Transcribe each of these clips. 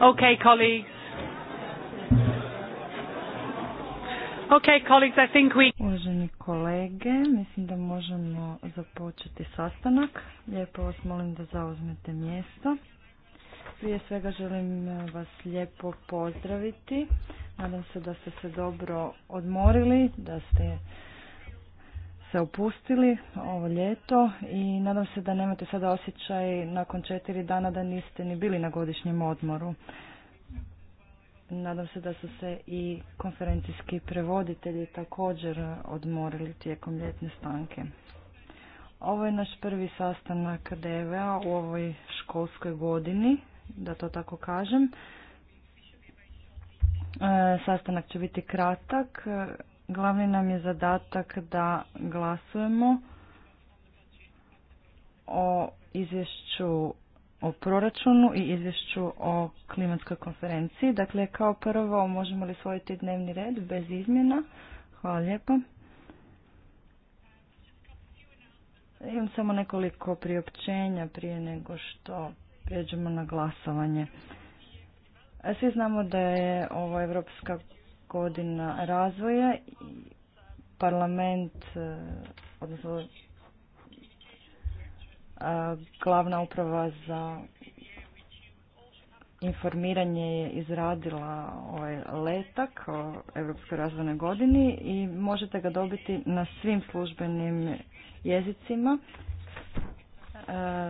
Okay, colleagues. Okay, colleagues, I think we... Uvaženi kolege, mislim da možemo započeti sastanak. Lijepo vas molim da zauzmete mjesto. Prije svega želim e, vas lijepo pozdraviti. Nadam se da ste se dobro odmorili, da ste se opustili ovo ljeto i nadam se da nemate sada osjećaj nakon četiri dana da niste ni bili na godišnjem odmoru. Nadam se da su se i konferencijski prevoditelji također odmorili tijekom ljetne stanke. Ovo je naš prvi sastanak DVA u ovoj školskoj godini, da to tako kažem. E, sastanak će biti kratak, Glavni nam je zadatak da glasujemo o izvješću o proračunu i izvješću o klimatskoj konferenciji. Dakle, kao prvo možemo li svojiti dnevni red bez izmjena? Hvala lijepo. Imam samo nekoliko priopćenja prije nego što prijeđemo na glasovanje. Svi znamo da je ovo Evropska godina razvoja i parlament, e, odnosno e, glavna uprava za informiranje je izradila ovaj letak o Europskoj razvojnoj godini i možete ga dobiti na svim službenim jezicima. E,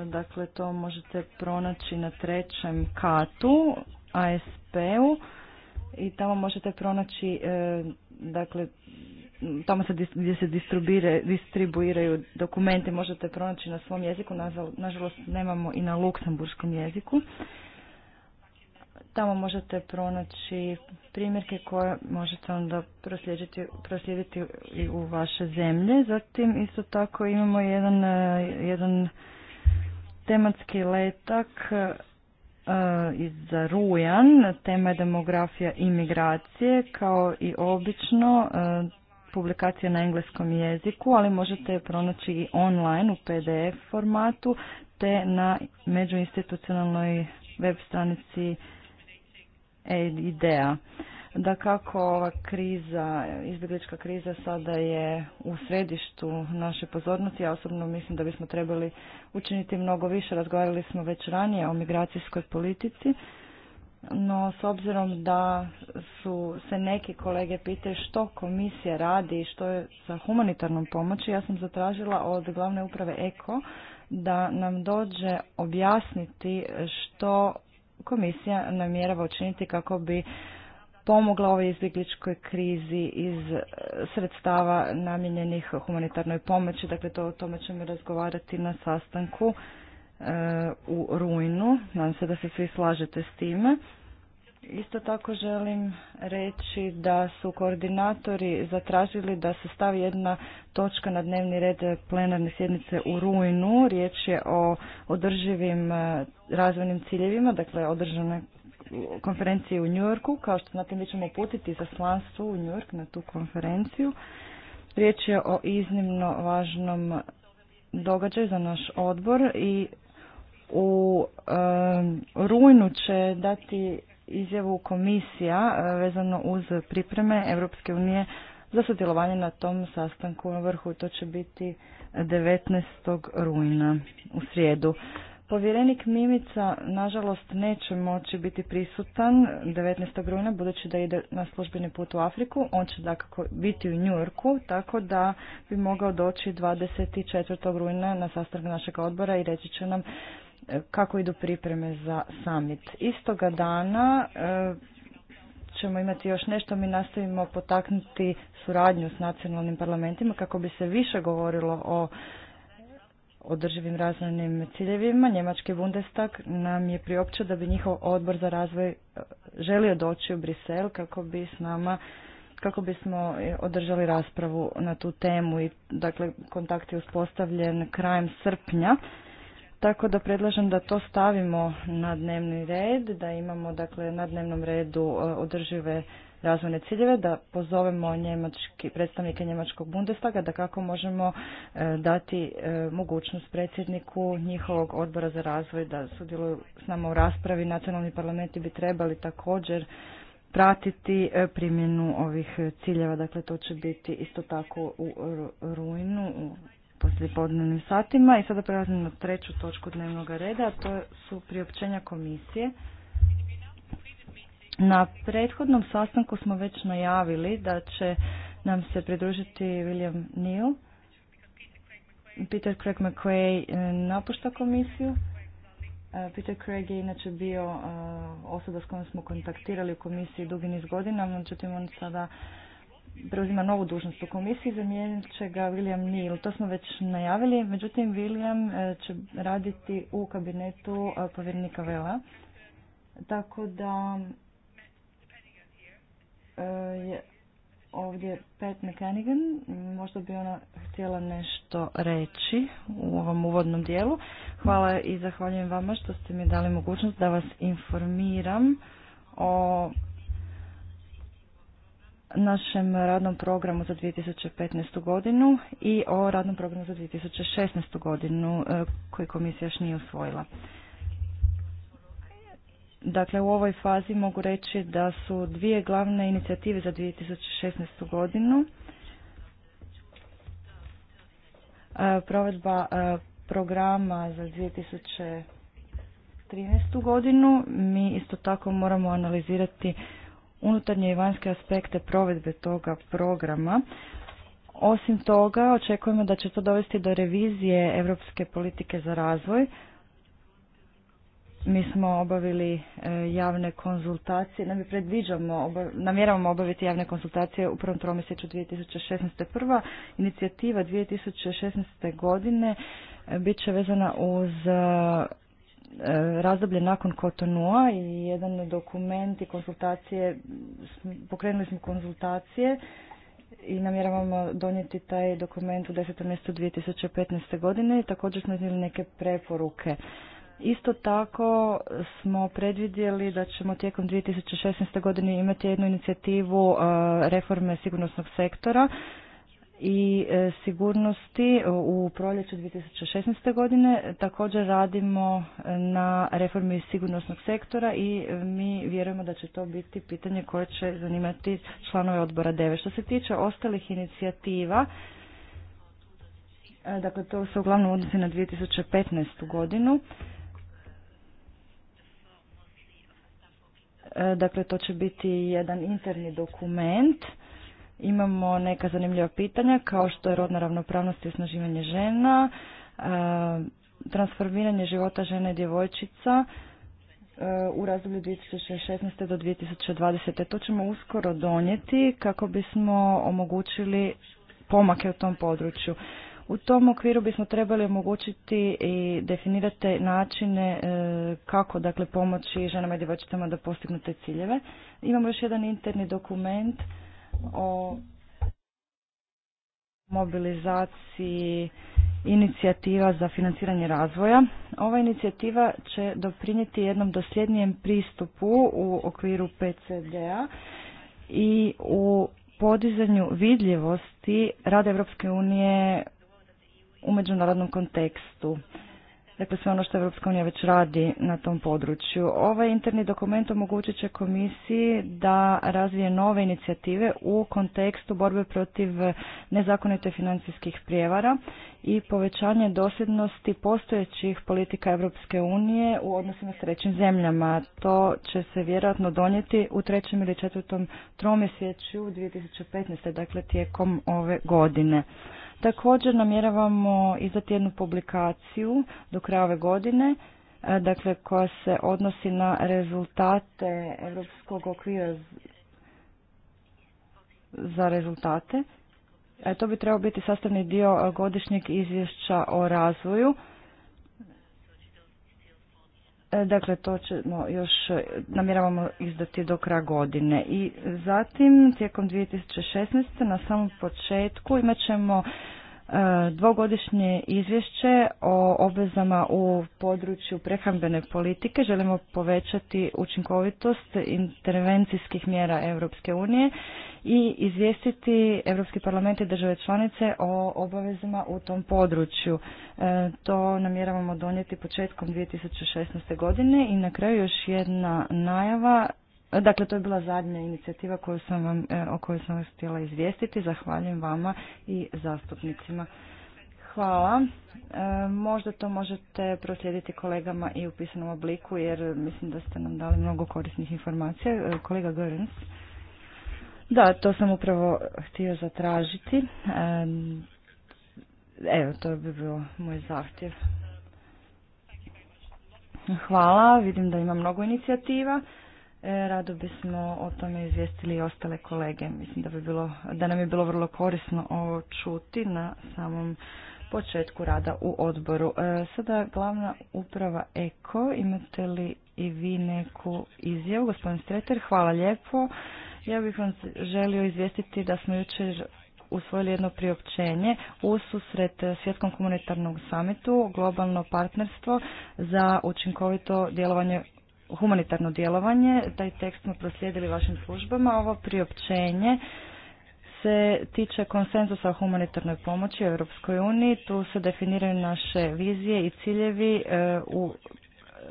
dakle, to možete pronaći na trećem katu ASP-u i tamo možete pronaći, e, dakle, tamo se, gdje se distribuiraju dokumenti možete pronaći na svom jeziku, nažalost nemamo i na luksemburskom jeziku. Tamo možete pronaći primjerke koje možete onda proslijediti, proslijediti i u vaše zemlje. Zatim isto tako imamo jedan, e, jedan tematski letak E, iz Rujan. Tema je demografija i migracije, kao i obično e, publikacija na engleskom jeziku, ali možete je pronaći i online u PDF formatu te na međuinstitucionalnoj web stranici IDEA da kako ova kriza, izbjeglička kriza sada je u središtu naše pozornosti. Ja osobno mislim da bismo trebali učiniti mnogo više. Razgovarali smo već ranije o migracijskoj politici, no s obzirom da su se neki kolege pitaju što komisija radi i što je sa humanitarnom pomoći, ja sam zatražila od glavne uprave EKO da nam dođe objasniti što komisija namjerava učiniti kako bi pomogla ovoj izbjegličkoj krizi iz e, sredstava namijenjenih humanitarnoj pomoći. Dakle, to, o tome ćemo razgovarati na sastanku e, u rujnu. Nadam se da se svi slažete s time. Isto tako želim reći da su koordinatori zatražili da se stavi jedna točka na dnevni red plenarne sjednice u rujnu. Riječ je o održivim e, razvojnim ciljevima, dakle održane konferenciji u Njorku. Kao što znate, mi ćemo putiti zaslanstvo u Njork na tu konferenciju. Riječ je o iznimno važnom događaju za naš odbor i u rujnu će dati izjavu komisija e, vezano uz pripreme Europske unije za sudjelovanje na tom sastanku na vrhu. To će biti 19. rujna u srijedu. Povjerenik Mimica, nažalost, neće moći biti prisutan 19. rujna, budući da ide na službeni put u Afriku. On će dakako biti u Njurku, tako da bi mogao doći 24. rujna na sastanak našeg odbora i reći će nam e, kako idu pripreme za summit. Istoga dana e, ćemo imati još nešto, mi nastavimo potaknuti suradnju s nacionalnim parlamentima kako bi se više govorilo o održivim razvojnim ciljevima, Njemački Bundestag nam je priopćao da bi njihov odbor za razvoj e, želio doći u Brisel kako bi s nama kako bismo e, održali raspravu na tu temu i dakle kontakt je uspostavljen krajem srpnja. Tako da predlažem da to stavimo na dnevni red, da imamo dakle na dnevnom redu e, održive razvojne ciljeve, da pozovemo njemački, predstavnike Njemačkog Bundestaga, da kako možemo e, dati e, mogućnost predsjedniku njihovog odbora za razvoj da sudjeluju s nama u raspravi. Nacionalni parlamenti bi trebali također pratiti e, primjenu ovih ciljeva, dakle to će biti isto tako u rujnu, u poslijepodnevnim satima. I sada prelazimo na treću točku dnevnog reda, a to su priopćenja komisije. Na prethodnom sastanku smo već najavili da će nam se pridružiti William Neal. Peter Craig McQuay e, napušta komisiju. E, Peter Craig je inače bio e, osoba s kojom smo kontaktirali u komisiji dugi niz godina, međutim on sada preuzima novu dužnost u komisiji, zamijenit će ga William Neal. To smo već najavili, međutim William će raditi u kabinetu povjerenika Vela. Tako da E, je ovdje Pat McCannigan. Možda bi ona htjela nešto reći u ovom uvodnom dijelu. Hvala i zahvaljujem vama što ste mi dali mogućnost da vas informiram o našem radnom programu za 2015. godinu i o radnom programu za 2016. godinu e, koji komisija još nije usvojila. Dakle, u ovoj fazi mogu reći da su dvije glavne inicijative za 2016. godinu. E, provedba e, programa za 2013. godinu. Mi isto tako moramo analizirati unutarnje i vanjske aspekte provedbe toga programa. Osim toga, očekujemo da će to dovesti do revizije Europske politike za razvoj mi smo obavili e, javne konzultacije, nam predviđamo, namjeravamo obaviti javne konzultacije u prvom tromjesečju 2016. Prva inicijativa 2016. godine e, bit će vezana uz e, razdoblje nakon Kotonua i jedan dokument i konzultacije pokrenuli smo konzultacije i namjeravamo donijeti taj dokument u 10. mjestu 2015. godine i također smo iznijeli neke preporuke Isto tako smo predvidjeli da ćemo tijekom 2016. godine imati jednu inicijativu e, reforme sigurnosnog sektora i e, sigurnosti u proljeću 2016. godine. Također radimo na reformi sigurnosnog sektora i e, mi vjerujemo da će to biti pitanje koje će zanimati članove odbora 9. Što se tiče ostalih inicijativa, dakle to se uglavnom odnosi na 2015. godinu, E, dakle, to će biti jedan interni dokument. Imamo neka zanimljiva pitanja kao što je rodna ravnopravnost i osnaživanje žena, e, transformiranje života žene i djevojčica e, u razdoblju 2016. do 2020. To ćemo uskoro donijeti kako bismo omogućili pomake u tom području. U tom okviru bismo trebali omogućiti i definirati načine e, kako dakle pomoći ženama i djevojčicama da postignu te ciljeve. Imamo još jedan interni dokument o mobilizaciji inicijativa za financiranje razvoja. Ova inicijativa će doprinijeti jednom dosljednijem pristupu u okviru PCD-a i u podizanju vidljivosti rada Europske unije u međunarodnom kontekstu. Dakle, sve ono što Evropska unija već radi na tom području. Ovaj interni dokument omogućit će komisiji da razvije nove inicijative u kontekstu borbe protiv nezakonite financijskih prijevara i povećanje dosljednosti postojećih politika Evropske unije u odnosu na trećim zemljama. To će se vjerojatno donijeti u trećem ili četvrtom tromjesečju 2015. dakle tijekom ove godine. Također namjeravamo izdati jednu publikaciju do kraja ove godine e, dakle koja se odnosi na rezultate europskog okvira za rezultate. E, to bi trebao biti sastavni dio e, godišnjeg izvješća o razvoju E, dakle, to ćemo još e, namjeravamo izdati do kraja godine. I zatim, tijekom 2016. na samom početku imat ćemo E, dvogodišnje izvješće o obvezama u području prehrambene politike. Želimo povećati učinkovitost intervencijskih mjera Europske unije i izvijestiti Europski parlament i države članice o obavezama u tom području. E, to namjeravamo donijeti početkom 2016. godine i na kraju još jedna najava Dakle, to je bila zadnja inicijativa koju sam vam, e, o kojoj sam vas htjela izvijestiti. Zahvaljujem vama i zastupnicima. Hvala. E, možda to možete proslijediti kolegama i u pisanom obliku, jer mislim da ste nam dali mnogo korisnih informacija. E, kolega Görens. Da, to sam upravo htio zatražiti. Evo, to bi bio moj zahtjev. Hvala, vidim da ima mnogo inicijativa. E, rado bismo o tome izvijestili i ostale kolege. Mislim da bi bilo, da nam je bilo vrlo korisno ovo čuti na samom početku rada u odboru. E, sada glavna uprava EKO, imate li i vi neku izjavu? Gospodin Streter, hvala lijepo. Ja bih vam želio izvijestiti da smo jučer usvojili jedno priopćenje u susret Svjetskom komunitarnom samitu globalno partnerstvo za učinkovito djelovanje humanitarno djelovanje. Taj tekst smo proslijedili vašim službama. Ovo priopćenje se tiče konsenzusa o humanitarnoj pomoći u Europskoj uniji. Tu se definiraju naše vizije i ciljevi e, u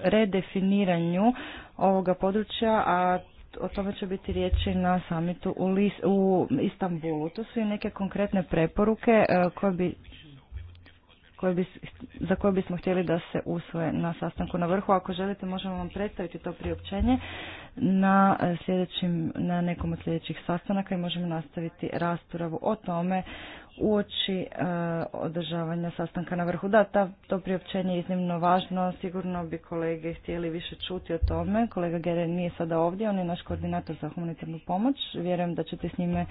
redefiniranju ovoga područja, a o tome će biti riječi na samitu u, u Istanbulu. Tu su i neke konkretne preporuke e, koje bi koje bi, za koje bismo htjeli da se usvoje na sastanku na vrhu. Ako želite možemo vam predstaviti to priopćenje na, e, sljedećim, na nekom od sljedećih sastanaka i možemo nastaviti raspravu o tome uoči e, održavanja sastanka na vrhu. Da, ta, to priopćenje je iznimno važno. Sigurno bi kolege htjeli više čuti o tome. Kolega Geren nije sada ovdje, on je naš koordinator za humanitarnu pomoć. Vjerujem da ćete s njime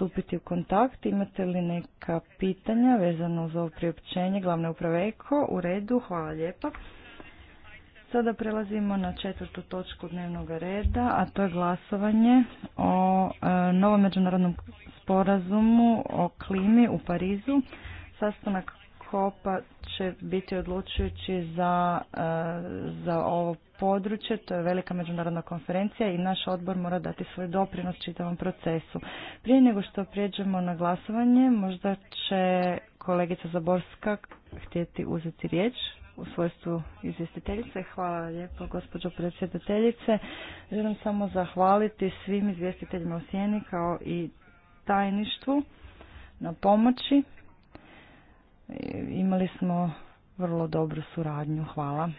stupiti u kontakt. Imate li neka pitanja vezano za ovo priopćenje glavne uprave EKO? U redu, hvala lijepa. Sada prelazimo na četvrtu točku dnevnog reda, a to je glasovanje o e, novom međunarodnom sporazumu o klimi u Parizu. Sastanak HOP-a će biti odlučujući za, e, za ovo područje, to je velika međunarodna konferencija i naš odbor mora dati svoj doprinos čitavom procesu. Prije nego što prijeđemo na glasovanje, možda će kolegica Zaborska htjeti uzeti riječ u svojstvu izvjestiteljice. Hvala lijepo gospođo predsjedateljice. Želim samo zahvaliti svim izvjestiteljima u Sjeni kao i tajništvu na pomoći. Imali smo vrlo dobru suradnju. Hvala.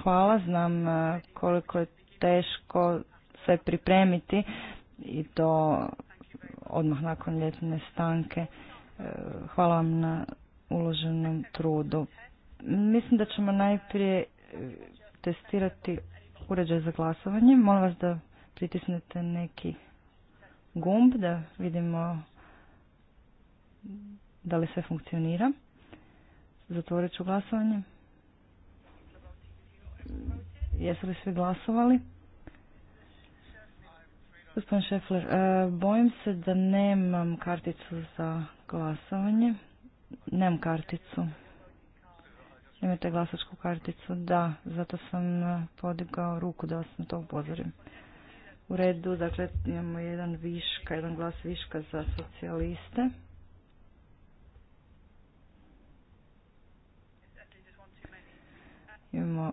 Hvala, znam e, koliko je teško sve pripremiti i to odmah nakon ljetne stanke. E, hvala vam na uloženom trudu. Mislim da ćemo najprije e, testirati uređaj za glasovanje. Molim vas da pritisnete neki gumb da vidimo da li sve funkcionira. Zatvorit ću glasovanje. Jesu li svi glasovali? Gospodin Šefler, e, bojim se da nemam karticu za glasovanje. Nemam karticu. Imate glasačku karticu? Da, zato sam podigao ruku da vas na to upozorim. U redu, dakle, imamo jedan viška, jedan glas viška za socijaliste. Imamo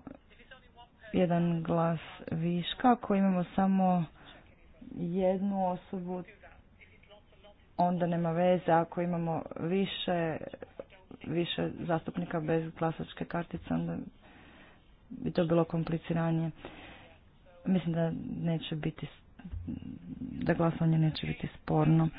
jedan glas viška. Ako imamo samo jednu osobu, onda nema veze. Ako imamo više, više zastupnika bez glasačke kartice, onda bi to bilo kompliciranije. Mislim da neće biti da glasovanje neće biti sporno.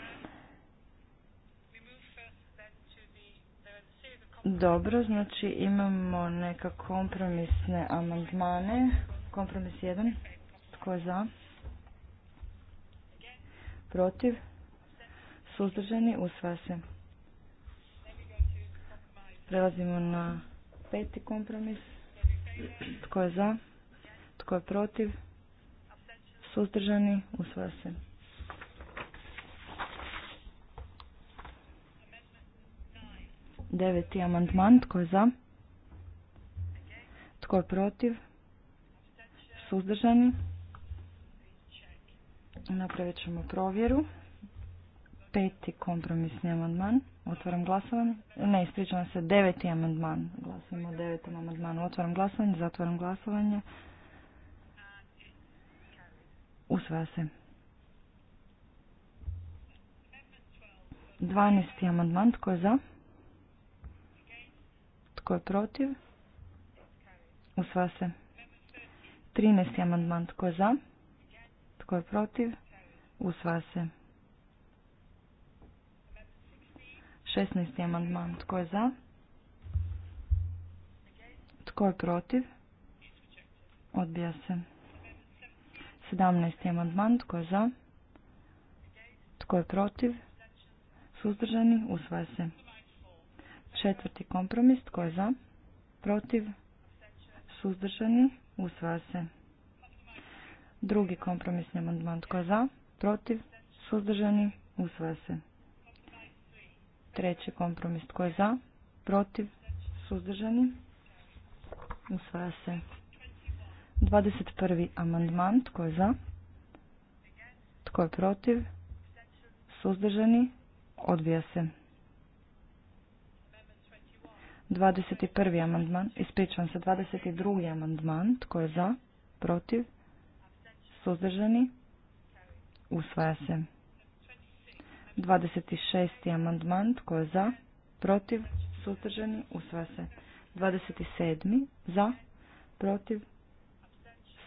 Dobro, znači imamo neka kompromisne amandmane. Kompromis 1. Tko je za? Protiv? Suzdržani? u se. Prelazimo na peti kompromis. Tko je za? Tko je protiv? Suzdržani? Usvaja se. Deveti amandman. Tko je za? Tko je protiv? Suzdržani? Napravit ćemo provjeru. Peti kompromisni amandman. Otvaram glasovanje. Ne, ispričavam se. Deveti amandman. Glasujemo o devetom amandmanu. Otvaram glasovanje. Zatvaram glasovanje. Usvaja se. 12. amandman. Tko je za? Tko je protiv? Usva se. 13. amandman. Tko je za? Tko je protiv? Usva se. 16. amandman. Tko je za? Tko je protiv? Odbija se. 17. amandman. Tko je za? Tko je protiv? Suzdržani? Usvaja se. Četvrti kompromis, tko je za? Protiv? Suzdržani? Usvaja se. Drugi kompromisni amandman, tko je za? Protiv? Suzdržani? Usvaja se. Treći kompromis, tko je za? Protiv? Suzdržani? Usvaja se. 21. amandman, tko je za? Tko je protiv? Suzdržani? Odbija se. 21. amandman, ispričavam se, 22. amandman, tko je za, protiv, suzdržani, usvaja se. 26. amandman, tko je za, protiv, suzdržani, usvaja se. 27. za, protiv,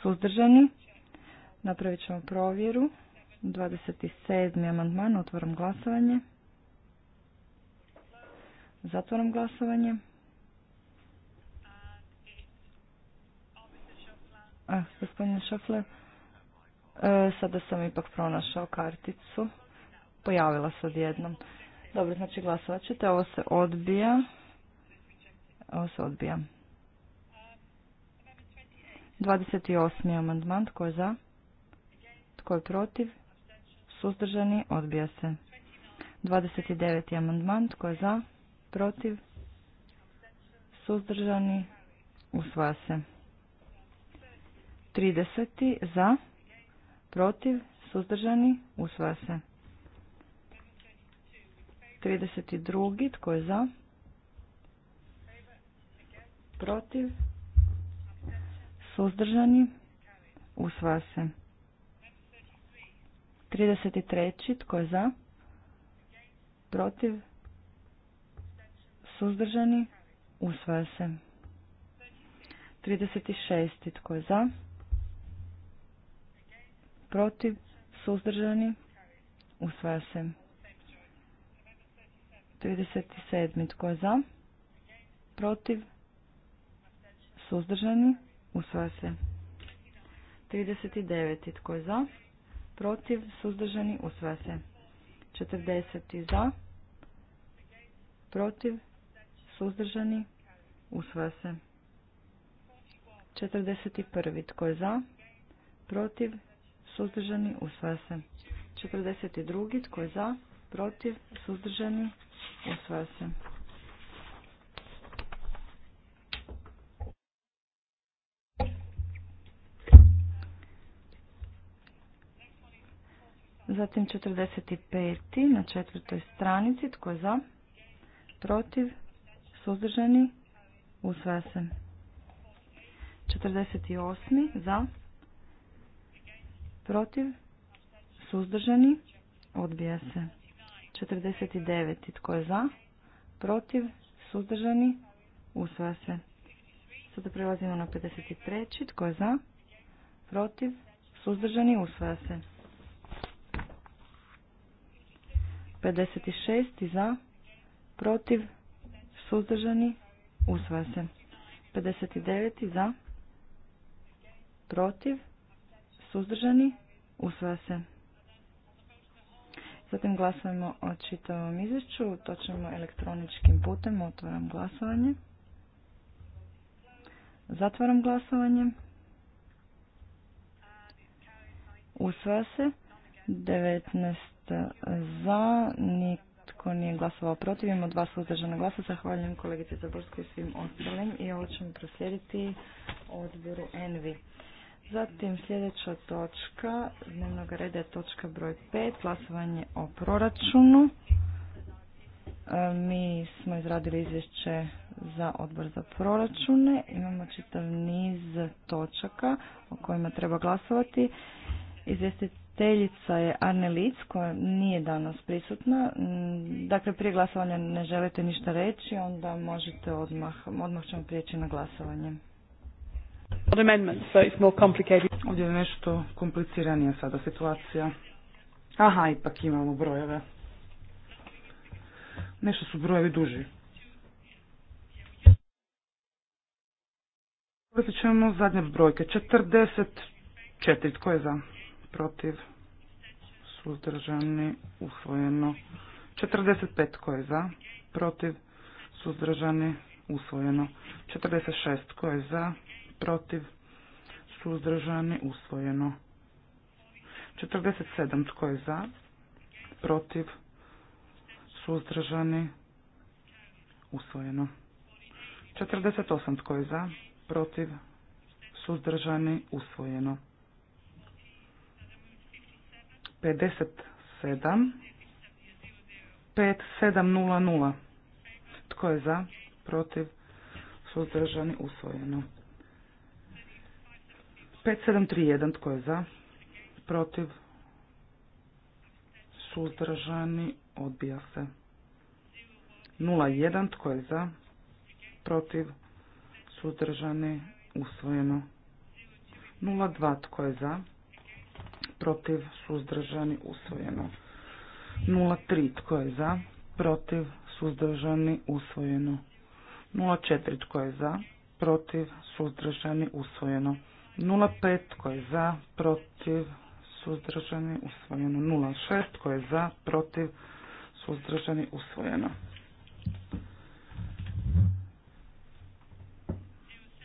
suzdržani, napravit ćemo provjeru. 27. amandman, otvoram glasovanje. zatvorom glasovanje. A, gospodine Šofle, e, sada sam ipak pronašao karticu. Pojavila se odjednom. Dobro, znači glasovat ćete. Ovo se odbija. Ovo se odbija. 28. amandman. Tko je za? Tko je protiv? Suzdržani? Odbija se. 29. amandman. Tko je za? Protiv? Suzdržani? Usvaja se. 30. za, protiv, suzdržani, usvaja se. 32. tko je za, protiv, suzdržani, usvaja se. 33. tko je za, protiv, suzdržani, usvaja se. 36. tko je za, protiv, suzdržani, usvaja se. 37. Tko je za? Protiv? Suzdržani? Usvaja se. 39. Tko je za? Protiv? Suzdržani? Usvaja se. 40. Za? Protiv? Suzdržani? Usvaja se. 41. Tko je za? Protiv? suzdržani, usvaja se. 42. Tko je za, protiv, suzdržani, usvaja se. Zatim 45. na četvrtoj stranici. Tko je za? Protiv? Suzdržani? Usvaja se. 48. za? protiv, suzdržani, odbija se. 49. Tko je za? Protiv? Suzdržani? Usvaja se. Sada prelazimo na 53. Tko je za? Protiv? Suzdržani? Usvaja se. 56. Za? Protiv? Suzdržani? Usvaja se. 59. Za? Protiv? Suzdržani? Usvaja se. Zatim glasujemo o čitavom izvješću. To elektroničkim putem. Otvaram glasovanje. Zatvaram glasovanje. Usvaja se. 19 za, nitko nije glasovao protiv, imamo dva suzdržana glasa. Zahvaljujem kolegice Zaborskoj i svim ostalim i ovo ćemo proslijediti odboru Envi. Zatim sljedeća točka dnevnog reda je točka broj 5, glasovanje o proračunu. E, mi smo izradili izvješće za odbor za proračune. Imamo čitav niz točaka o kojima treba glasovati. Izvjestiteljica je Arne Lic koja nije danas prisutna. Mm, dakle, prije glasovanja ne želite ništa reći, onda možete odmah, odmah ćemo prijeći na glasovanje. Ovdje je nešto kompliciranija sada situacija. Aha, ipak imamo brojeve. Nešto su brojevi duži. ćemo zadnje brojke. 44. Tko je za? Protiv. Suzdržani. Usvojeno. 45. Tko je za? Protiv. Suzdržani. Usvojeno. 46. Tko je za? protiv, suzdržani, usvojeno. 47 tko je za, protiv, suzdržani, usvojeno. 48 tko je za, protiv, suzdržani, usvojeno. 57 5700 tko je za, protiv, suzdržani, usvojeno. 5731, tko je za? Protiv? Suzdržani? Odbija se. 01, tko je za? Protiv? Suzdržani? Usvojeno. 02, tko je za? Protiv? Suzdržani? Usvojeno. 03, tko je za? Protiv? Suzdržani? Usvojeno. 04, tko je za? Protiv? Suzdržani? Usvojeno. 0,5 koje je za, protiv, suzdržani, usvojeno. 0,6 koje je za, protiv, suzdržani, usvojeno.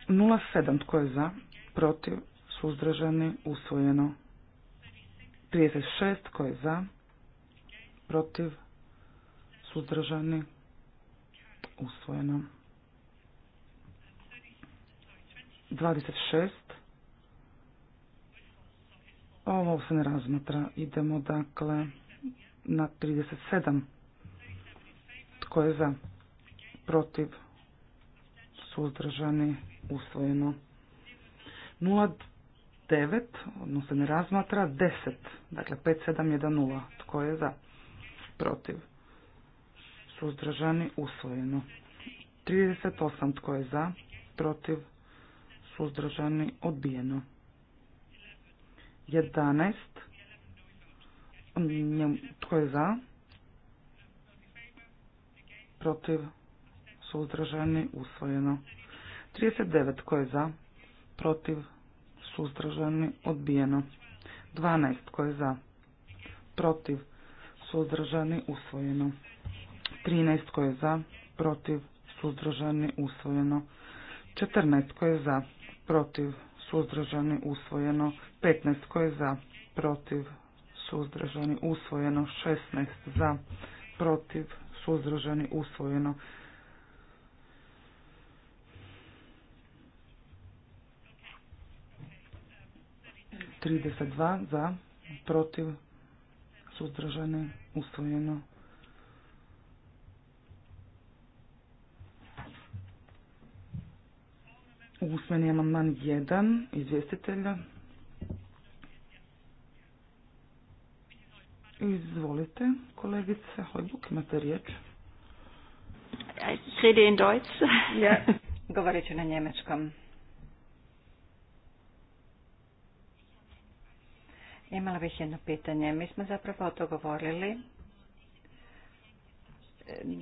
0,7 koje je za, protiv, suzdržani, usvojeno. 36 koje je za, protiv, suzdržani, usvojeno. 26 ovo se ne razmatra. Idemo dakle na 37. Tko je za? Protiv? Suzdržani? Usvojeno. 09, odnosno ne razmatra, 10. Dakle, 5710. Tko je za? Protiv? Suzdržani? Usvojeno. 38. Tko je za? Protiv? Suzdržani? Odbijeno. 11. Tko je za? Protiv? Suzdržani? Usvojeno. 39. Tko je za? Protiv? Suzdržani? Odbijeno. 12. Tko je za? Protiv? Suzdržani? Usvojeno. 13. Tko je za? Protiv? Suzdržani? Usvojeno. 14. Tko je za? Protiv? suzdržani usvojeno 15 koje je za protiv suzdržani usvojeno 16 za protiv suzdržani usvojeno Trideset dva za protiv suzdržani usvojeno Usmeni amandman jedan izvjestitelja. Izvolite, kolegice Hojbuk, imate riječ. in Deutsch. Ja, govorit ću na njemečkom. Imala bih jedno pitanje. Mi smo zapravo o to govorili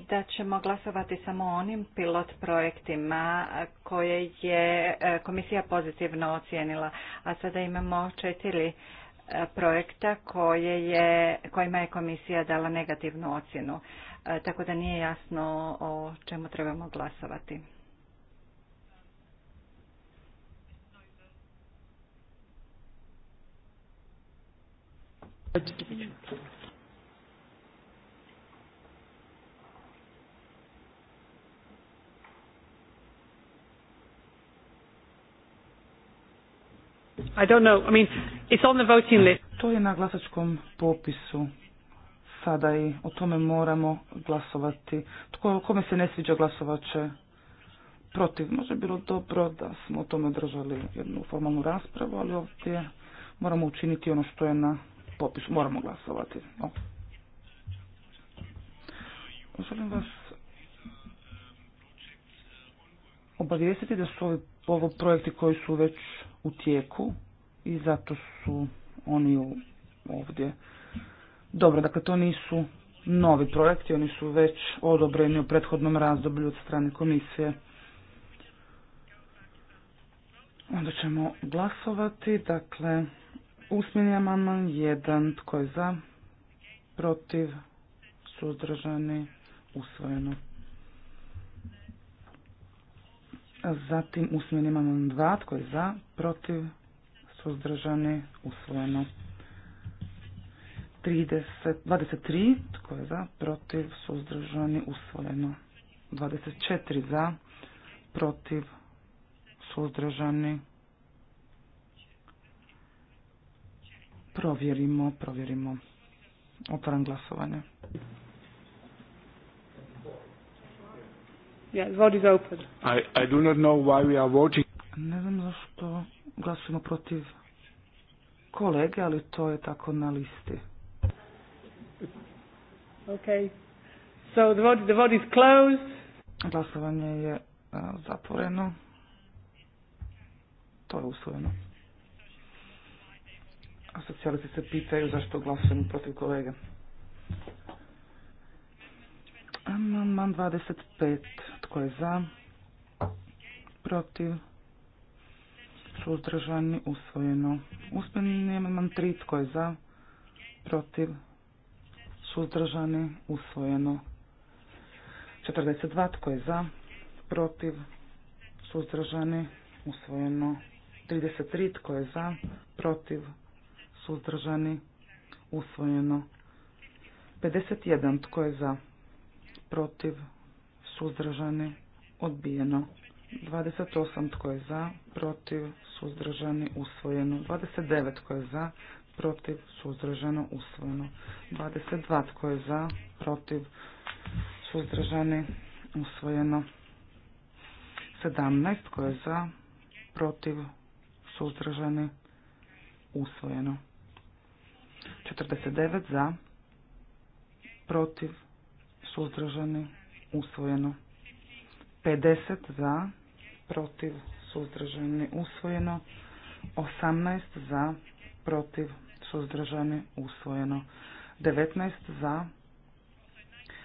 da ćemo glasovati samo onim pilot projektima koje je e, komisija pozitivno ocijenila. A sada imamo četiri e, projekta koje je, kojima je komisija dala negativnu ocjenu. E, tako da nije jasno o čemu trebamo glasovati. I don't know. I mean, it's on the voting list. To je na glasačkom popisu sada i o tome moramo glasovati. Tko, kome se ne sviđa glasovat protiv. može bilo dobro da smo o tome držali jednu formalnu raspravu, ali ovdje moramo učiniti ono što je na popisu. Moramo glasovati. Želim vas obavijestiti da su ovo projekti koji su već u tijeku, i zato su oni ovdje. Dobro, dakle to nisu novi projekti, oni su već odobreni u prethodnom razdoblju od strane komisije. Onda ćemo glasovati, dakle, usmjeni amandman jedan tko je za, protiv, suzdržani, usvojeno. Zatim usmjeni amandman dva tko je za, protiv, suzdržani, usvojeno. 30, 23, tko je za, protiv, suzdržani, usvojeno. 24 za, protiv, suzdržani. Provjerimo, provjerimo. Otvaram glasovanje. Yeah, vote is open. I, I do not know why we are voting. Ne znam zašto glasujemo protiv kolege, ali to je tako na listi. Okay. So the vote, the vote is closed. Glasovanje je e, zatvoreno. To je usvojeno. A socijalisti se pitaju zašto glasujemo protiv kolege. Amandman 25. Tko je za? Protiv? suzdržani, usvojeno. Usmeni man tri tko je za, protiv, suzdržani, usvojeno. 42, tko je za, protiv, suzdržani, usvojeno. 33, tko je za, protiv, suzdržani, usvojeno. 51, tko je za, protiv, suzdržani, odbijeno. 28 tko je za, protiv, suzdržani, usvojeno. 29 tko je za, protiv, suzdržano, usvojeno. 22 tko je za, protiv, suzdržani, usvojeno. 17 tko je za, protiv, suzdržani, usvojeno. 49 za, protiv, suzdržani, usvojeno. 50 za, protiv, suzdržani, usvojeno. 18 za, protiv, suzdržani, usvojeno. 19 za,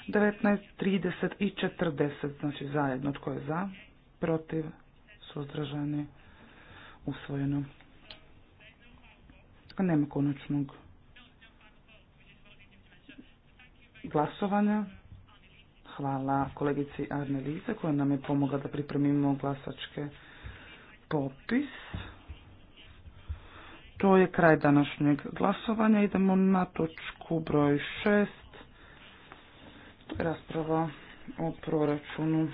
19, 30 i 40, znači zajedno tko je za, protiv, suzdržani, usvojeno. nema konačnog glasovanja. Hvala kolegici Arne koja nam je pomogla da pripremimo glasačke popis. To je kraj današnjeg glasovanja. Idemo na točku broj 6. Rasprava o proračunu.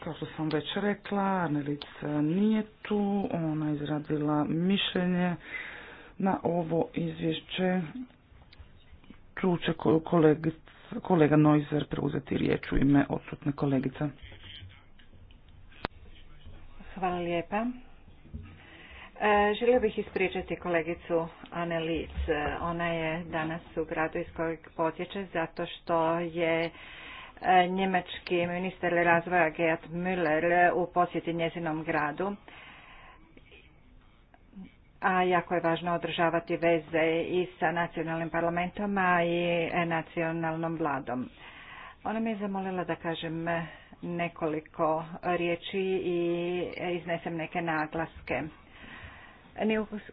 Kao što sam već rekla, Arnelica nije tu. Ona je izradila mišljenje na ovo izvješće. Tu će kolega Neuser preuzeti riječ u ime odsutne kolegica. Hvala lijepa. E, želio bih ispričati kolegicu Ane Lic. E, ona je danas u gradu iz kojeg potječe zato što je e, njemački ministar razvoja Gerd Müller u posjeti njezinom gradu a jako je važno održavati veze i sa nacionalnim parlamentom, a i nacionalnom vladom. Ona mi je zamolila da kažem nekoliko riječi i iznesem neke naglaske.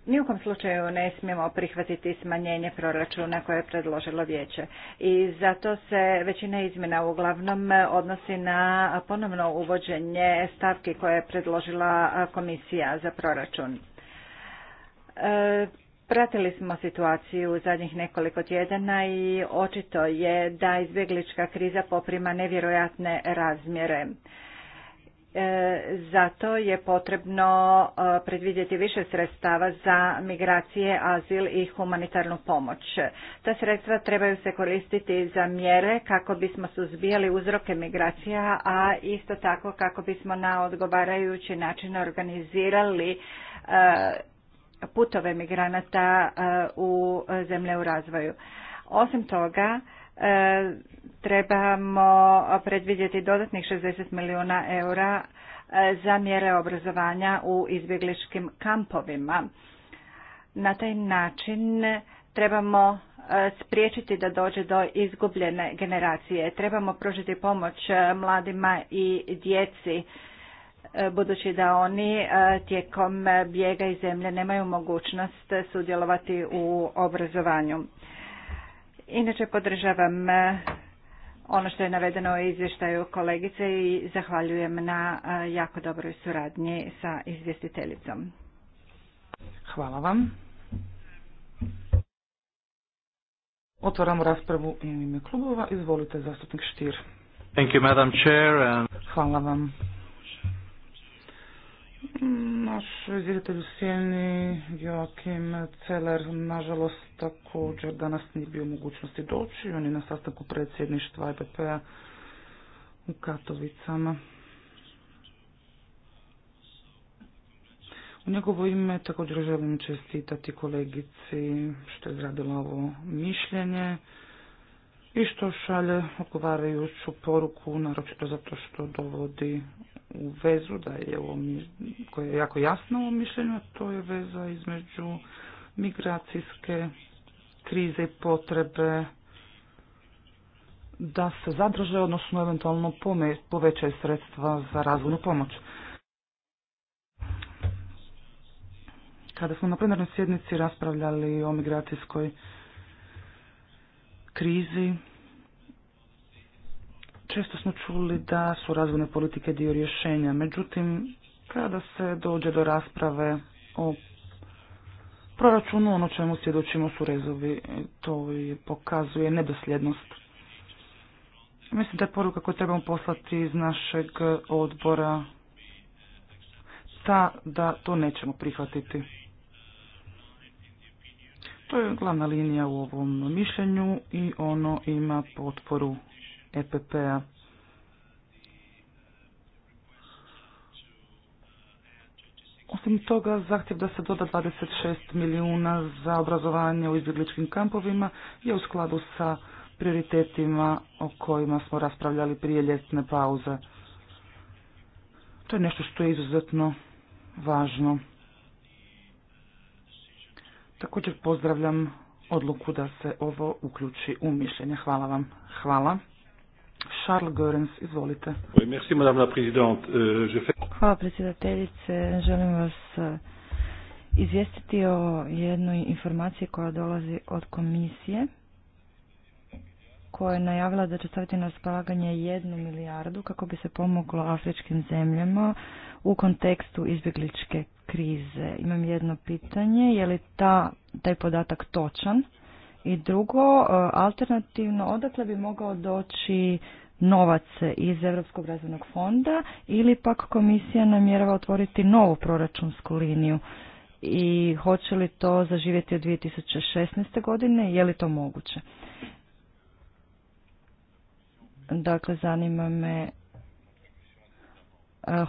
Ni u slučaju ne smijemo prihvatiti smanjenje proračuna koje je predložilo vijeće. I zato se većina izmjena uglavnom odnosi na ponovno uvođenje stavke koje je predložila komisija za proračun. E, pratili smo situaciju u zadnjih nekoliko tjedana i očito je da izbjeglička kriza poprima nevjerojatne razmjere. E, zato je potrebno e, predvidjeti više sredstava za migracije, azil i humanitarnu pomoć. Ta sredstva trebaju se koristiti za mjere kako bismo suzbijali uzroke migracija, a isto tako kako bismo na odgovarajući način organizirali putove migranata e, u zemlje u razvoju. Osim toga, e, trebamo predvidjeti dodatnih 60 milijuna eura e, za mjere obrazovanja u izbjegličkim kampovima. Na taj način trebamo spriječiti da dođe do izgubljene generacije. Trebamo pružiti pomoć mladima i djeci E, budući da oni e, tijekom bijega iz zemlje nemaju mogućnost sudjelovati u obrazovanju. Inače podržavam e, ono što je navedeno u izvještaju kolegice i zahvaljujem na jako dobroj suradnji sa izvjestiteljicom. Hvala vam. Otvaram raspravu u ime klubova. Izvolite, zastupnik Štir. Madam Chair. Hvala vam. Naš izvjetitelj u sjeni Joakim Celer nažalost također danas nije bio u mogućnosti doći. On je na sastanku predsjedništva ipp a p-a u Katovicama. U njegovo ime također želim čestitati kolegici što je izradila ovo mišljenje i što šalje odgovarajuću poruku, naročito zato što dovodi u vezu da je ovo, koje je jako jasno u mišljenju, to je veza između migracijske krize i potrebe da se zadrže, odnosno eventualno povećaju sredstva za razvojnu pomoć. Kada smo na plenarnoj sjednici raspravljali o migracijskoj krizi, Često smo čuli da su razvojne politike dio rješenja, međutim, kada se dođe do rasprave o proračunu, ono čemu svjedočimo su rezovi, to pokazuje nedosljednost. Mislim da je poruka koju trebamo poslati iz našeg odbora ta da to nećemo prihvatiti. To je glavna linija u ovom mišljenju i ono ima potporu EPP-a. Osim toga, zahtjev da se doda 26 milijuna za obrazovanje u izbjegličkim kampovima je u skladu sa prioritetima o kojima smo raspravljali prije ljetne pauze. To je nešto što je izuzetno važno. Također pozdravljam odluku da se ovo uključi u mišljenje. Hvala vam. Hvala. Charles Görens, izvolite. Euh, Hvala predsjedateljice. Želim vas e, izvijestiti o jednoj informaciji koja dolazi od komisije koja je najavila da će staviti na raspolaganje jednu milijardu kako bi se pomoglo afričkim zemljama u kontekstu izbjegličke krize. Imam jedno pitanje, je li ta, taj podatak točan? I drugo, e, alternativno, odakle bi mogao doći novac iz Europskog razvojnog fonda ili pak komisija namjerava otvoriti novu proračunsku liniju i hoće li to zaživjeti od 2016. godine, je li to moguće? Dakle, zanima me e,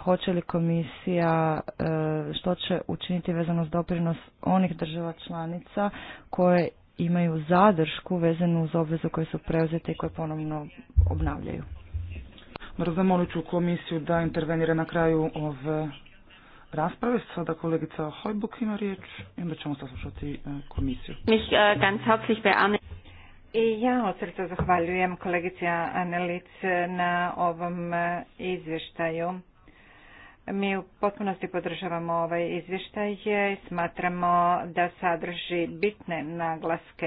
hoće li komisija, e, što će učiniti vezano s doprinos onih država članica koje imaju zadršku vezanu uz obvezu koje su preuzete i koje ponovno obnavljaju. Moram zamolit ću komisiju da intervenira na kraju ove rasprave. Sada kolegica Hojbuk ima riječ i onda ćemo saslušati e, komisiju. Mich e, ganz i ja od srca zahvaljujem kolegici Anelic na ovom e, izvještaju. Mi u potpunosti podržavamo ovaj izvještaj i smatramo da sadrži bitne naglaske.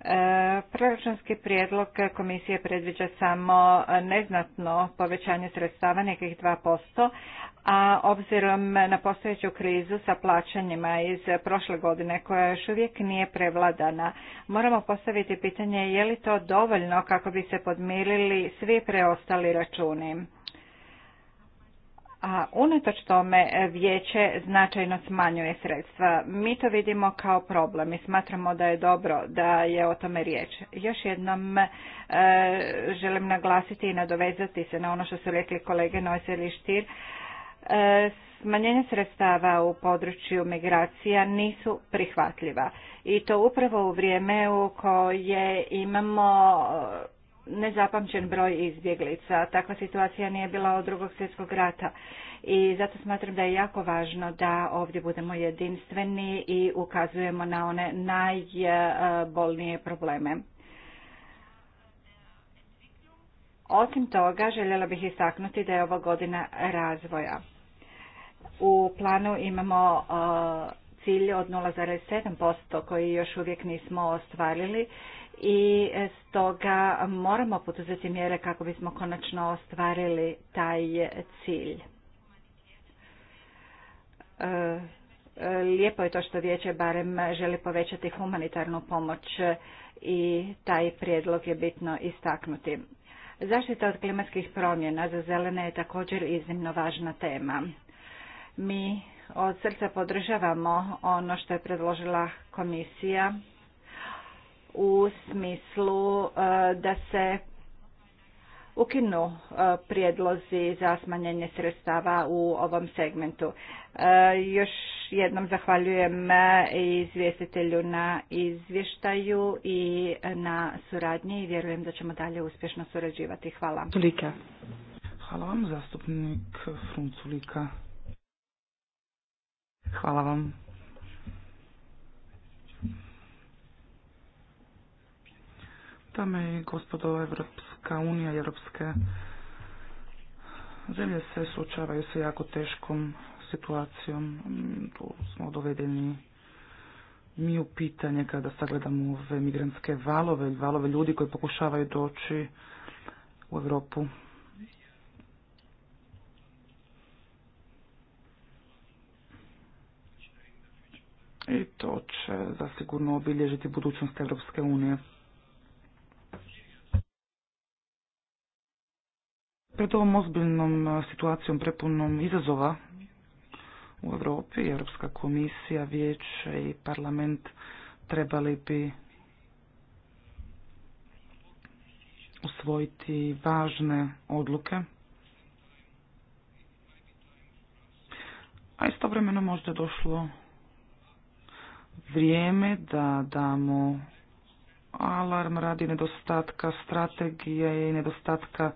E, proračunski prijedlog komisije predviđa samo neznatno povećanje sredstava, nekih 2%, a obzirom na postojeću krizu sa plaćanjima iz prošle godine koja još uvijek nije prevladana, moramo postaviti pitanje je li to dovoljno kako bi se podmirili svi preostali računi a unatoč tome e, vijeće značajno smanjuje sredstva. Mi to vidimo kao problem i smatramo da je dobro da je o tome riječ. Još jednom e, želim naglasiti i nadovezati se na ono što su rekli kolege Nojsel i Štir. E, smanjenje sredstava u području migracija nisu prihvatljiva i to upravo u vrijeme u koje imamo nezapamćen broj izbjeglica. Takva situacija nije bila od drugog svjetskog rata i zato smatram da je jako važno da ovdje budemo jedinstveni i ukazujemo na one najbolnije probleme. Osim toga, željela bih istaknuti da je ovo godina razvoja. U planu imamo uh, cilj od 0,7% koji još uvijek nismo ostvarili i stoga moramo poduzeti mjere kako bismo konačno ostvarili taj cilj. E, lijepo je to što vijeće barem želi povećati humanitarnu pomoć i taj prijedlog je bitno istaknuti. Zaštita od klimatskih promjena za zelene je također iznimno važna tema. Mi od srca podržavamo ono što je predložila komisija u smislu e, da se ukinu e, prijedlozi za smanjenje sredstava u ovom segmentu. E, još jednom zahvaljujem izvjestitelju na izvještaju i na suradnji i vjerujem da ćemo dalje uspješno surađivati. Hvala. Tolika. Hvala vam, zastupnik Frunculika. Hvala vam. Dame i gospodo, Evropska unija i Evropske zemlje se slučavaju sa jako teškom situacijom. Tu smo dovedeni mi u pitanje kada sagledamo ove migrantske valove, valove ljudi koji pokušavaju doći u Europu. I to će zasigurno obilježiti budućnost Evropske unije. pred ovom ozbiljnom e, situacijom prepunom izazova u Europi, Europska komisija, vijeće i parlament trebali bi usvojiti važne odluke. A istovremeno možda je došlo vrijeme da damo alarm radi nedostatka strategije i nedostatka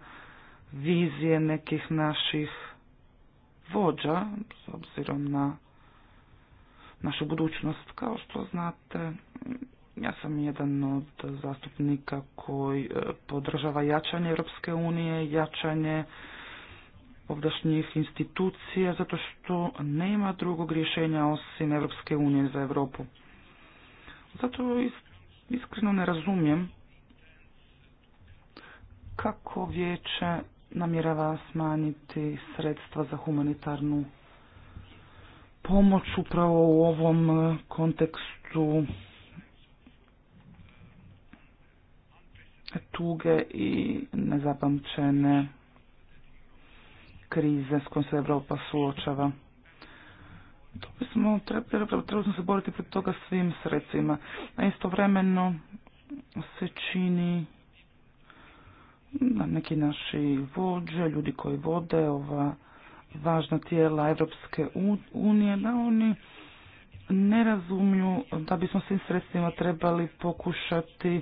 vizije nekih naših vođa, s obzirom na našu budućnost. Kao što znate, ja sam jedan od zastupnika koji e, podržava jačanje Europske unije, jačanje ovdašnjih institucija, zato što nema drugog rješenja osim Europske unije za Europu. Zato iskreno ne razumijem kako vijeće namjerava smanjiti sredstva za humanitarnu pomoć upravo u ovom e, kontekstu tuge i nezapamćene krize s kojom se Evropa suočava. To bismo trebali, trebali se boriti pred toga svim sredstvima. A istovremeno se čini neki naši vođe, ljudi koji vode ova važna tijela Europske unije, da oni ne razumiju da bismo svim sredstvima trebali pokušati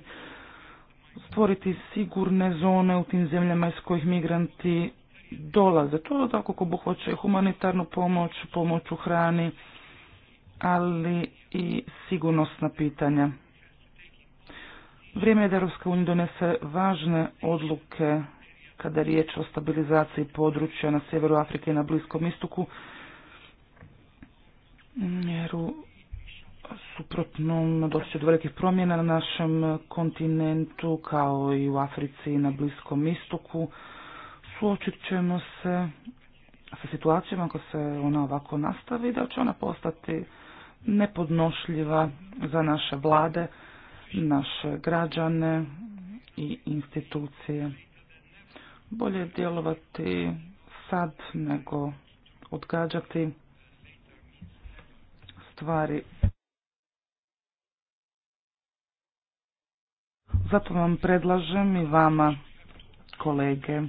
stvoriti sigurne zone u tim zemljama iz kojih migranti dolaze. To tako kako hoće humanitarnu pomoć, pomoć u hrani, ali i sigurnosna pitanja. Vrijeme je da Europska unija donese važne odluke kada je riječ o stabilizaciji područja na sjeveru Afrike i na Bliskom istoku, jer u suprotnom doći do velikih promjena na našem kontinentu kao i u Africi i na Bliskom istoku. Suočit ćemo se sa situacijama ako se ona ovako nastavi da će ona postati nepodnošljiva za naše vlade, naše građane i institucije. Bolje djelovati sad nego odgađati stvari. Zato vam predlažem i vama kolege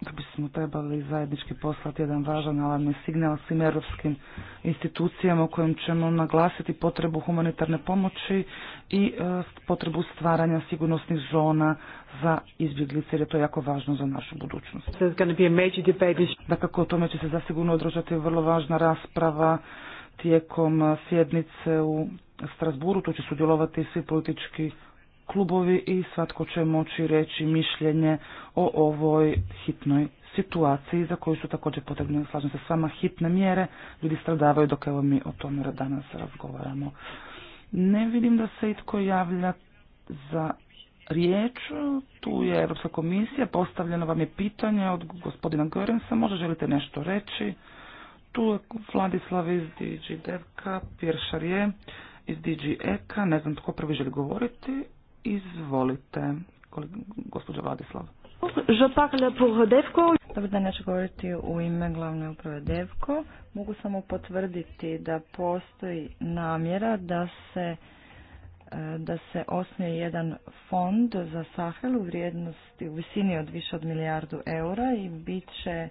da bismo trebali zajednički poslati jedan važan alarmni signal svim europskim institucijama u kojem ćemo naglasiti potrebu humanitarne pomoći i e, potrebu stvaranja sigurnosnih zona za izbjeglice jer je to jako važno za našu budućnost. Dakako o tome će se zasigurno održati vrlo važna rasprava tijekom e, sjednice u Strasburu, tu će sudjelovati svi politički klubovi i svatko će moći reći mišljenje o ovoj hitnoj situaciji za koju su također potrebne, slažem se s vama, hitne mjere. Ljudi stradavaju dok evo mi o tome danas razgovaramo. Ne vidim da se itko javlja za riječ. Tu je Europska komisija, postavljeno vam je pitanje od gospodina Gorensa, možda želite nešto reći. Tu je Vladislav iz DG Devka, Pierre iz DG Eka, ne znam tko prvi želi govoriti. Izvolite, gospođa Vladislav. Dobar dan, ja ću govoriti u ime glavne uprave Devko. Mogu samo potvrditi da postoji namjera da se e, da se osnuje jedan fond za Sahel u vrijednosti u visini od više od milijardu eura i bit će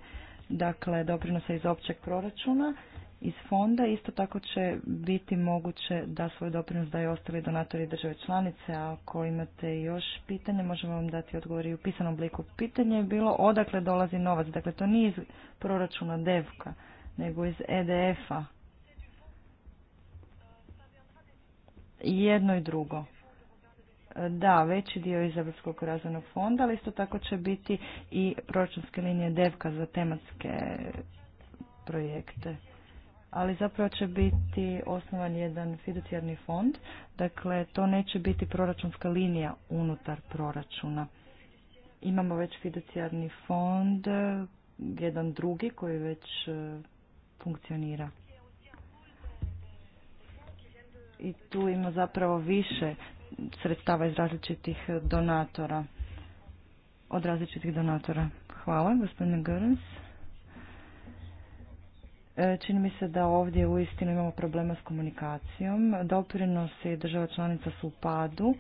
dakle doprinosa iz općeg proračuna iz fonda. Isto tako će biti moguće da svoj doprinos daju ostali donatori države članice. A ako imate još pitanje, možemo vam dati odgovor i u pisanom obliku. Pitanje je bilo odakle dolazi novac. Dakle, to nije iz proračuna devka, nego iz EDF-a. Jedno i drugo. Da, veći dio iz Evropskog razvojnog fonda, ali isto tako će biti i proračunske linije devka za tematske projekte ali zapravo će biti osnovan jedan fiducijarni fond, dakle to neće biti proračunska linija unutar proračuna. Imamo već fiducijarni fond, jedan drugi koji već e, funkcionira. I tu ima zapravo više sredstava iz različitih donatora, od različitih donatora. Hvala, gospodine Görens. E, čini mi se da ovdje uistinu imamo problema s komunikacijom. Doprinosi država članica su u padu.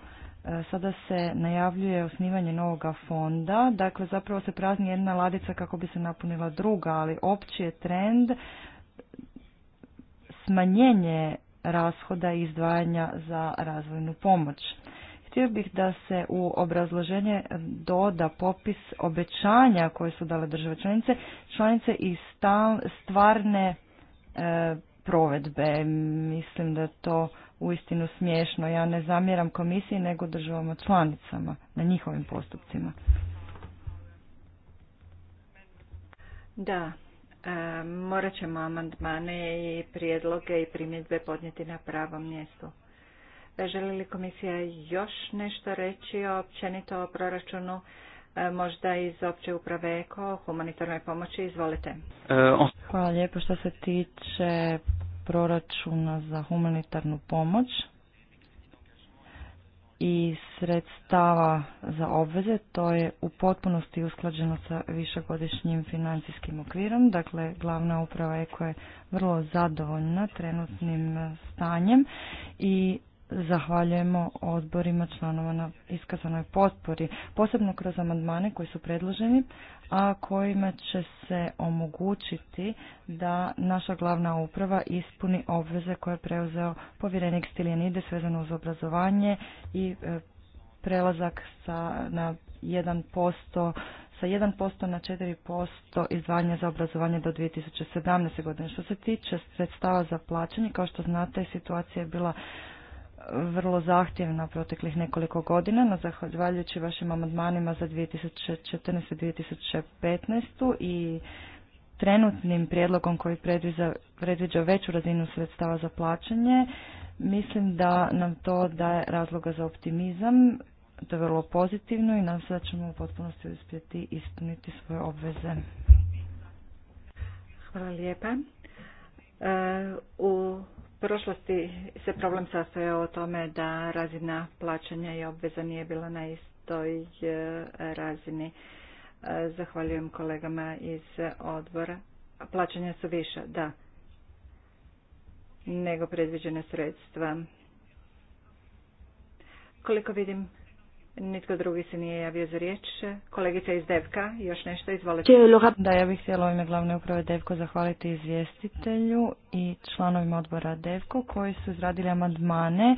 E, sada se najavljuje osnivanje novoga fonda. Dakle, zapravo se prazni jedna ladica kako bi se napunila druga, ali opći je trend smanjenje rashoda i izdvajanja za razvojnu pomoć. Htio bih da se u obrazloženje doda popis obećanja koje su dale države članice, članice i stvarne e, provedbe. Mislim da je to uistinu smiješno. Ja ne zamjeram komisiji nego državama članicama na njihovim postupcima. Da, e, morat ćemo amandmane i prijedloge i primjedbe podnijeti na pravom mjestu. Želi li komisija još nešto reći općenito o proračunu e, možda iz opće uprave EKO, humanitarnoj pomoći? Izvolite. E, Hvala lijepo što se tiče proračuna za humanitarnu pomoć i sredstava za obveze, to je u potpunosti usklađeno sa višegodišnjim financijskim okvirom. Dakle, glavna uprava EKO je vrlo zadovoljna trenutnim stanjem i zahvaljujemo odborima članova na iskazanoj potpori, posebno kroz amandmane koji su predloženi, a kojima će se omogućiti da naša glavna uprava ispuni obveze koje je preuzeo povjerenik Ide vezano uz obrazovanje i e, prelazak sa, na 1% sa 1% na 4% izdvajanja za obrazovanje do 2017. godine. Što se tiče sredstava za plaćanje, kao što znate, situacija je bila vrlo zahtjevna proteklih nekoliko godina, na zahvaljujući vašim amandmanima za 2014. 2015. i trenutnim prijedlogom koji predviđa, predviđa veću razinu sredstava za plaćanje, mislim da nam to daje razloga za optimizam, to je vrlo pozitivno i nam se ćemo u potpunosti uspjeti ispuniti svoje obveze. Hvala lijepa. E, u prošlosti se problem sastojao o tome da razina plaćanja i obveza nije bila na istoj e, razini. E, zahvaljujem kolegama iz odbora. Plaćanja su više, da, nego predviđena sredstva. Koliko vidim, Nitko drugi se nije javio za riječ. Kolegica iz Devka, još nešto, izvolite. Da, ja bih htjela u ime glavne uprave Devko zahvaliti izvjestitelju i članovima odbora Devko koji su izradili amandmane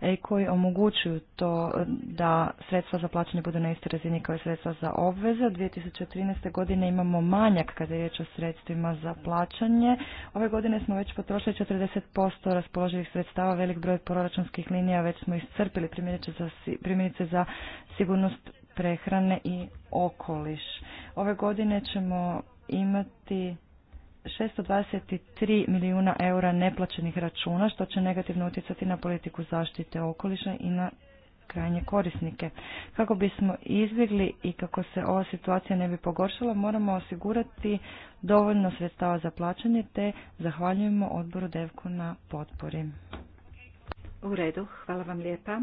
e, koji omogućuju to e, da sredstva za plaćanje budu na istoj razini kao i sredstva za obveze. 2013. godine imamo manjak kada je riječ o sredstvima za plaćanje. Ove godine smo već potrošili 40% raspoloživih sredstava, velik broj proračunskih linija već smo iscrpili primjerice za, primjerice za sigurnost prehrane i okoliš. Ove godine ćemo imati 623 milijuna eura neplaćenih računa, što će negativno utjecati na politiku zaštite okoliša i na krajnje korisnike. Kako bismo izbjegli i kako se ova situacija ne bi pogoršala, moramo osigurati dovoljno sredstava za plaćanje, te zahvaljujemo odboru Devku na potpori. U redu, hvala vam lijepa.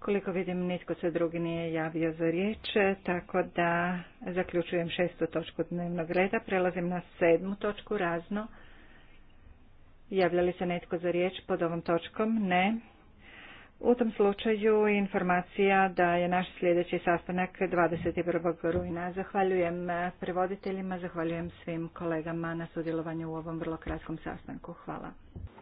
Koliko vidim, nitko se drugi nije javio za riječ, tako da zaključujem šestu točku dnevnog reda. Prelazim na sedmu točku razno. Javlja li se netko za riječ pod ovom točkom? Ne. U tom slučaju informacija da je naš sljedeći sastanak 21. rujna. Zahvaljujem prevoditeljima, zahvaljujem svim kolegama na sudjelovanju u ovom vrlo kratkom sastanku. Hvala.